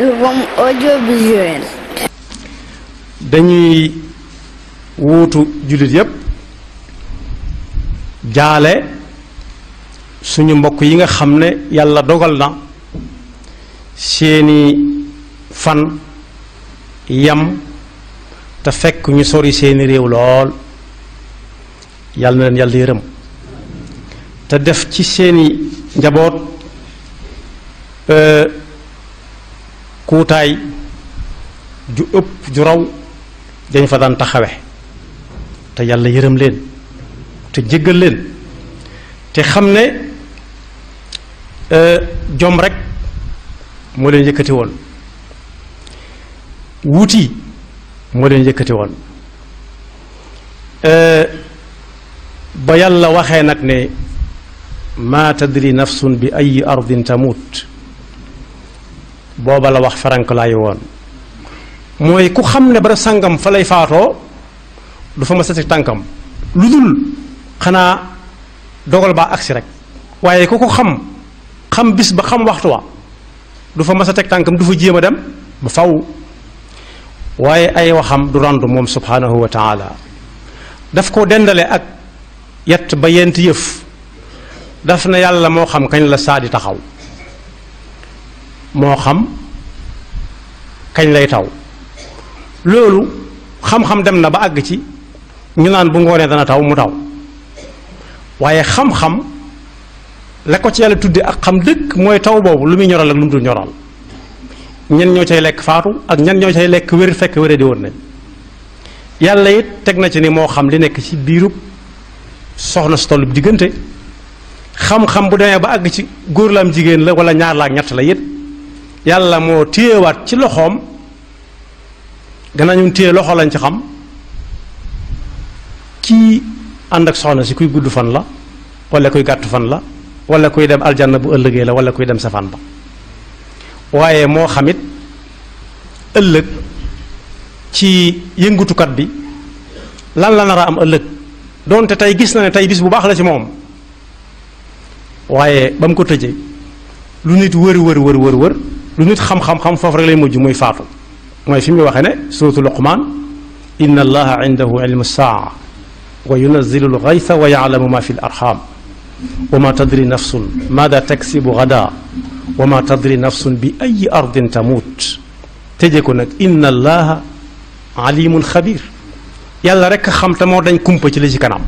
album audiovisuel dañuy wuutu jullit yépp jaale suñu mbokk yi nga xam ne yàlla dogal na seeni fan yam te fekk ñu sori seeni réew lool yàlla na leen yàlla yërëm te def ci seeni njaboot euh, kuutaay ju ëpp ju raw dañ fa daan taxawe te yàlla yërëm leen te jéggal leen te xam ne euh, jom rekk moo leen yëkkati woon wuti moo leen yëkkati woon euh, ba yàlla waxee nag ne maata tadri nafsun bi ay ardin tamut booba la wax farankalaayu woon mooy ku xam bara sàngam fa lay faatoo du fa ma sasi tànkam lu dul xanaa dogal baa agsi rek waaye ku ko xam xam bis ba xam waxtu wa du fa mas a tànkam du fa jéem dem ba faw waaye ay waxam du randu moom subhaanahu wa taala daf ko dendale ak yett ba yent yëf daf na yàlla moo xam kañ la sadi di taxaw moo xam kañ lay taw loolu xam-xam dem na ba àgg ci ñu naan bu ngoonee dana taw mu taw waaye xam-xam la ko ci yàlla tudde ak xam dëkk mooy taw boobu lu muy ñoral ak lu mu dul ñoral ñen ñoo cay lekk faatu ak ñen ñoo cay lekk wér fekk wéré di woon nañ yàlla yit teg na ci ni moo xam li nekk ci biirub soxna si tollu diggante xam-xam bu demee ba àgg ci góor la jigéen la wala ñaar la ñett la yit yàlla moo téyewaat ci loxoom gannaaw ñun téye loxo lañ ci xam kii ànd ak soxna si kuy gudd fan la wala kuy gàtt fan la wala kuy dem aljana bu ëllëgee la wala kuy dem safaan ba waaye moo xamit ëllëg ci yëngutukat bi lan la nar a am ëllëg donte tey gis na ne tey bis bu baax la ci moom waaye ba mu ko tëjee lu nit wër wër wër wër wër lu nit xam-xam-xam foofu rek lay mujj muy faatu mooy fi mu waxee ne suratu luqman inna allaha indahu ilmu saa wa yunazilu lgaytha wa yaalamu ma fi l arham wa ma tadri nafsun maada taksibu gada wa ma tadri nafsun bi ayi ardin tamut tëje ko nag inna allaha alimun xabir yàlla rek xam te moo dañ kumpa ci li ci kanam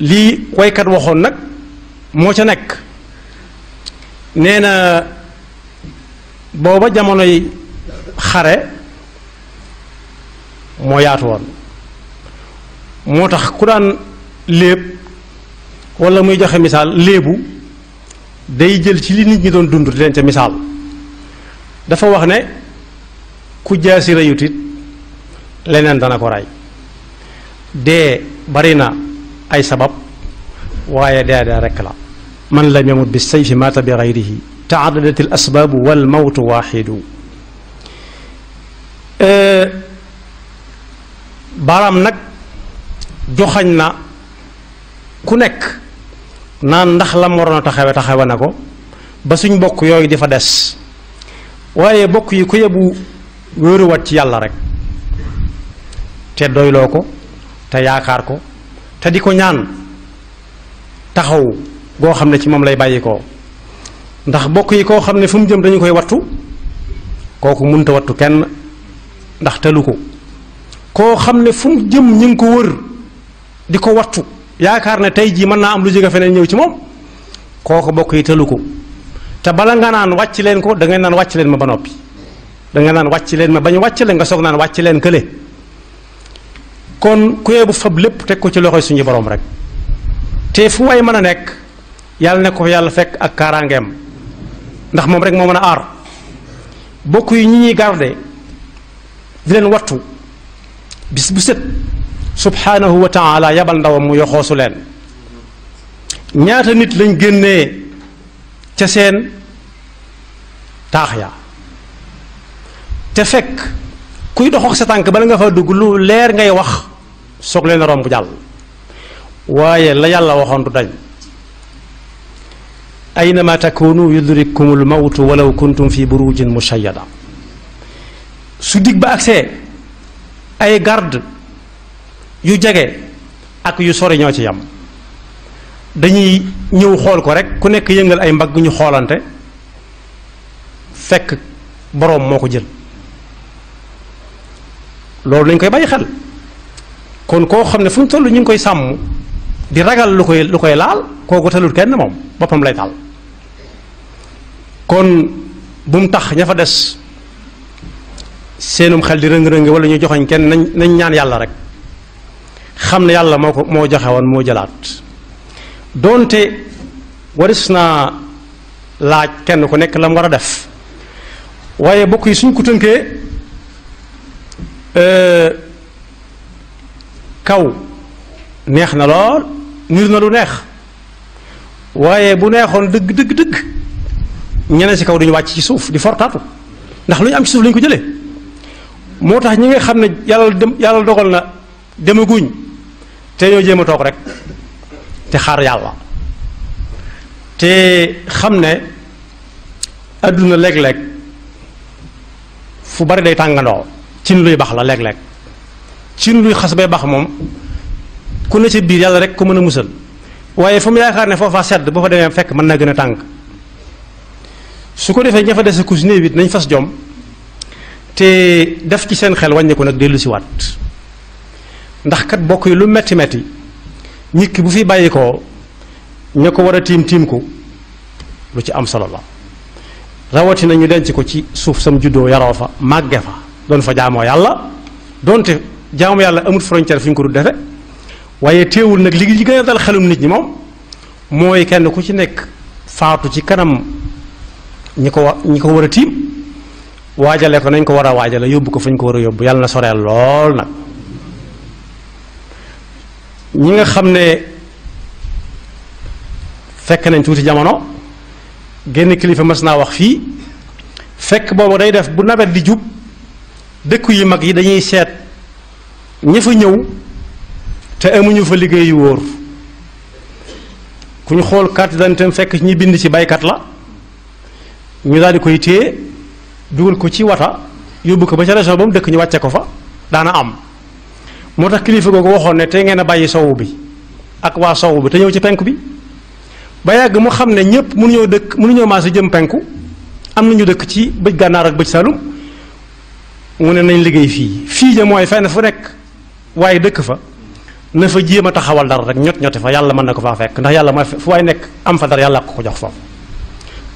lii waykat waxoon nag moo ca nekk nee na booba jamonoy xare moo yaatu woon moo tax ku daan léeb walla muy joxe misaal léebu day jël ci li nit ñi doon dund di leen ca misaal dafa wax ne ku jaasi reyut it leneen dana ko rey dee bari na ay sabab waaye dee dee rekk la man la yamut bi sayfi maata bi gayrihi taaddadat al asbaabu wal mawtu waaxidu baaraam nag joxañ na ku nekk naan ndax la mu waroon a taxawe taxawe na ko ba suñ bokk yooyu di fa des waaye bokk yi ku yebu wéeruwaat ci yàlla rek te doyloo ko te yaakaar ko te di ko ñaan taxaw goo xam ne ci moom lay koo ndax bokk yi koo xam ne fu mu jëm dañu koy wattu kooku munta wattu kenn ndax telu ko koo xam ne fu mu jëm ñu ngi ko wër di ko wattu yaakaar ne tey jii mën naa am lu jóge feneen ñëw ci moom kooku bokk yi tëlu ko te bala nga naan wàcc leen ko da ngay naan wàcc leen ma ba noppi da nga naan wàcc leen ma ba ñu wàcc leen nga soog naan wàcc leen kële kon kuyee bu fab lépp teg ko ci loxo suñu borom rek te fu way mën a nekk yàlla ne ko fa yàlla fekk ak kaaraangeem ndax moom rek moo mën a aar yi ñi ñuy garde di leen wattu bis bu set subhanahu wa taala yabal ndawam mu yoxoosu leen ñaata nit lañ génnee ca seen taax ya? te fek kuy doxook sa tànk bala nga fa dugg lu leer ngay wax soklen leen romb jàll waaye la yàlla waxoon du dañ ay aynama takunu yudrikumul mawtu walaw kuntum fi burujin mushayyada su digg ba agsee ay gàrd yu jege ak yu sori ñoo ci yam dañuy ñëw xool ko rek ku nekk yëngal ay mbagg ñu xoolante fekk boroom moo ko jël loolu lañ koy bàyyi xel kon koo xam ne fu mu toll ñu ngi koy sàmm di ragal lu koy lu koy laal kooku talut kenn moom boppam lay taal kon bu mu tax ña fa des seenum xel di rëng-rëng wala ñu joxoñ kenn nañ nañ ñaan yàlla rek xam na yàlla moo ko moo joxe woon moo jëlaat doonte waris naa laaj kenn ku nekk la mu war a def waaye bokk yi suñ ko tënkee euh, kaw neex na lool niir na lu neex waaye bu neexoon dëgg dëgg dëgg ñene si kaw duñu wàcc ci suuf di fortaatu ndax lu ñu am ci suuf lañu ko jële moo tax ñi nga xam ne yàlla dem yàlla dogal na demaguñ te ñoo jéem a toog rek te xaar yàlla te xam ne adduna léeg-léeg fu bare day tàngandoo cin luy bax la léeg-léeg ci luy xas bay bax moom ku ne ci biir yàlla rek ku mën a musal waaye fa mu yaakaar ne foofa sedd boo fa demee fekk mën naa gën a tàng su ko defee ña fa dese ku si néew it nañ fas jom te def ci seen xel wàññeeku nag dellu si waat ndax kat bokk yi lu metti metti nit bu fi bàyyi ko ña ko war a tiim tiim ko lu ci am solo la rawatina nañu denc ko ci suuf sam juddoo yaroo fa màgge fa doon fa jaamoo yàlla donte jaamu yàlla amul frontière fi ñu ko du defe waaye teewul nag li gën a dal xelum nit ñi moom mooy kenn ku ci nekk faatu ci kanam ñi ko wa ñi ko war a tiim waajale ko nañ ko war a waajale yóbbu ko fu ñu ko war a yóbbu yàlla na soreel lool nag ñi nga xam ne fekk nañ tuuti jamono génn kilifa mës naa wax fii fekk boobu day def bu nawet di jub dëkk yu mag yi dañuy seet ña fa ñëw te amuñu fa liggéey yu wóor ku ñu xool carte d'identité fekk ñi bind ci baykat la ñu daal di koy téye dugal ko ci wata yóbbu ko ba ca région ba mu dëkk ñu wàcce ko fa daana am moo tax kilifa googu waxoon ne te ngeen a bàyyi sowu bi ak waa sowu bi te ñëw ci penku bi ba yàgg mu xam ne ñëpp mënuñoo dëkk maa si jëm penku am nañu dëkk ci bëj gànnaar ak bëj salum mu ne nañ liggéey fii fii ja mooy fenn fu nekk waaye dëkk fa na fa jéem a taxawal dara rek ñot ñote fa yàlla mën na ko faa fekk ndax yàlla mooy fu waay nekk am fa dara yàlla ko jox foofu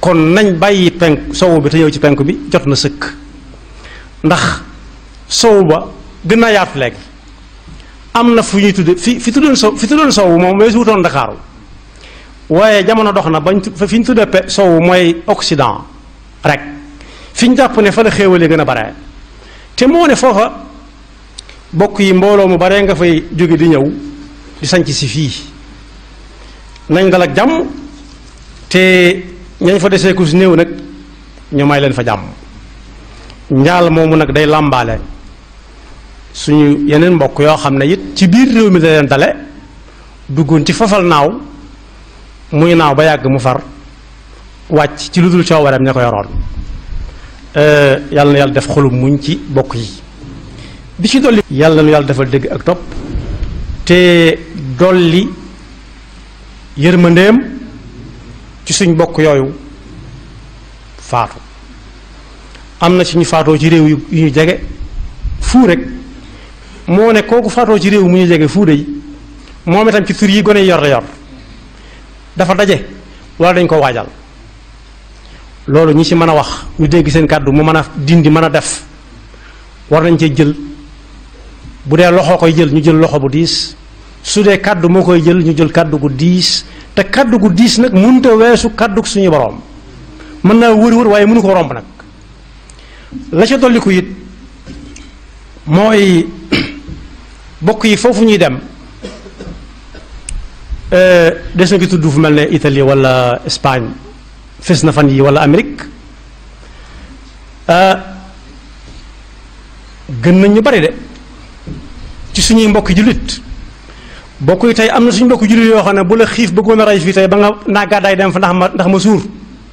kon nañ bàyyi penk sowu bi te ñëw ci penk bi jot na sëkk ndax sowu ba gën naa yaatu lekk am na fu ñuy tudd fi fi tuddoon sow fi tuddoon sowu moom weesu wutoon Ndakaaru waaye jamono dox na bañ fi ñu tuddee pe sowu mooy Occident rek fi ñu ne fa la xéewale gën a bare te moo ne foofa bokk yi mbooloo mu bare nga fay jóge di ñëw di sanc si fii nañ dal ak jàmm te ñañ fa desee ku si néew nag ñu may leen fa jàmm njaal moomu nag day làmbaale suñu yeneen mbokk yoo xam ne it ci biir réew mi la leen dale duggoon ci fafal naaw muy naaw ba yàgg mu far wàcc ci lu dul coowareem ña ko yoroon yàlla na yàlla def xolum muñ ci bokk yi bi ci dolli yàlla na yàlla defal dégg ak topp te dolli yërmandeem ci suñ bokk yooyu faatu am na ci ñu faatoo ci réew yu ñu jege fuu rek moo ne kooku faatoo ci réew mu ñu jege fuu dey moom itam ci tur yi gone yor yor dafa daje wala dañ ko waajal loolu ñi ci mën a wax ñu dégg seen kàddu mu mën a dindi mën a def war nañ cee jël bu dee loxo koy jël ñu jël loxo bu diis su dee kàddu moo koy jël ñu jël kàddu gu diis te kaddu gu dis nak munta wessu kaddu suñu borom man na wër wër waye munu ko romb nak la ci dolliku yit moy bokk yi fofu ñuy dem euh, des nga tuddu fu melne italie wala espagne fess na fan yi wala euh gën nañu bari de ci suñu mbokk julit bokuy tay amna am suñu bokku jullit yo xam bu la xif bëggoon a ray fi tay ba nga dem ndax ndax ma sour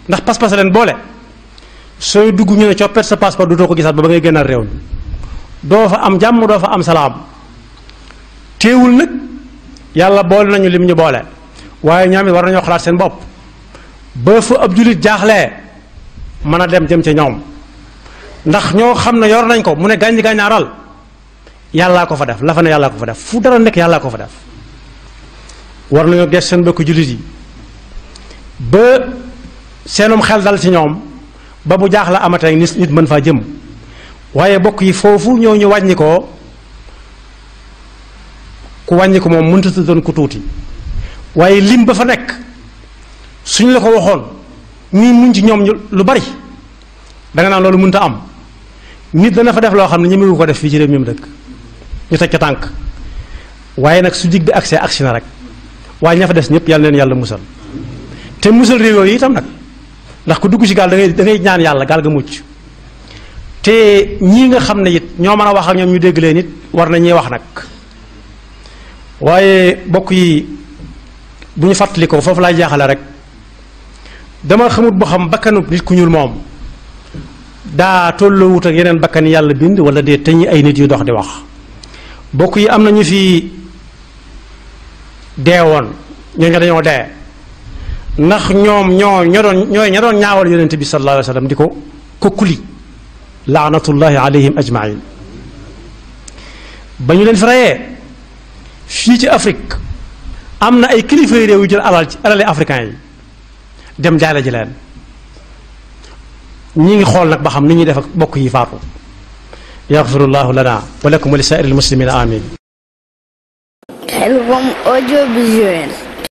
ndax pas-pas len bolé soy duggu ñu ne coppet sa passeport du to ko gisat ba ngay gënal rew do fa am jamm do fa am salam. teewul nik yalla bol nañu lim ñu bolé waye ñoom war nañu xalat seen bop ba fu ab jullit jaxlé mëna dem jëm ci ñoom ndax ño xamna yor nañ ko mu ne gañ gàññaaral yalla ko fa def la fa ne yalla ko fa def fu dara nek yalla ko fa def war nañoo ges seen mbokku jullit yi ba seenum xel dal ci ñoom ba bu jaax la amatee nit mën faa jëm waaye bokk yi foofu ñëw ñu wàññi ko ku wàññi moom mënut a doon ku tuuti waaye lim ba fa nekk suñ la ko waxoon ñuy muñ ci ñoom lu bari danga naan loolu mënta am nit dana fa def loo xam ne ñemewu ko def fii ci réew mi dëkk ñu teg ca tànk waaye nag su dig bi agsee agsi na rek. waaye ña fa des ñëpp yàlla leen yàlla musal te musal réew yooyu itam nag ndax ku dugg ci gaal da dangay da ñaan yàlla gaal ga mucc te ñii nga xam ne it ñoo mën a wax ak ñoom ñu dégg leen it war na ñuy wax nag waaye bokk yi bu ñu fàttali foofu laay jaaxale rek dama xamut boo xam bakkanu nit ku ñuul moom daa tolloo wut ak yeneen bakkan yàlla bind wala dee te ñi ay nit yu dox di wax bokk yi am na ñu fi. deewon ñoo nga dañoo dee ndax ñoom ñoo ña doon ñooy doon ñaawal yonente bi sallallahu alayhi wasallam sallam di ko ko kuli laanatullahi alayhim ajmain ba ñu leen fi fii ci Afrique am na ay kilifa yu réew yu jël alal ci alali africain yi dem jaale ji leen ñi ngi xool nag ba xam ni ñuy def ak bokk yi faatu yaxfirullahu lana wa lakum wa li saa'iril amin Hello, audio audiovisual.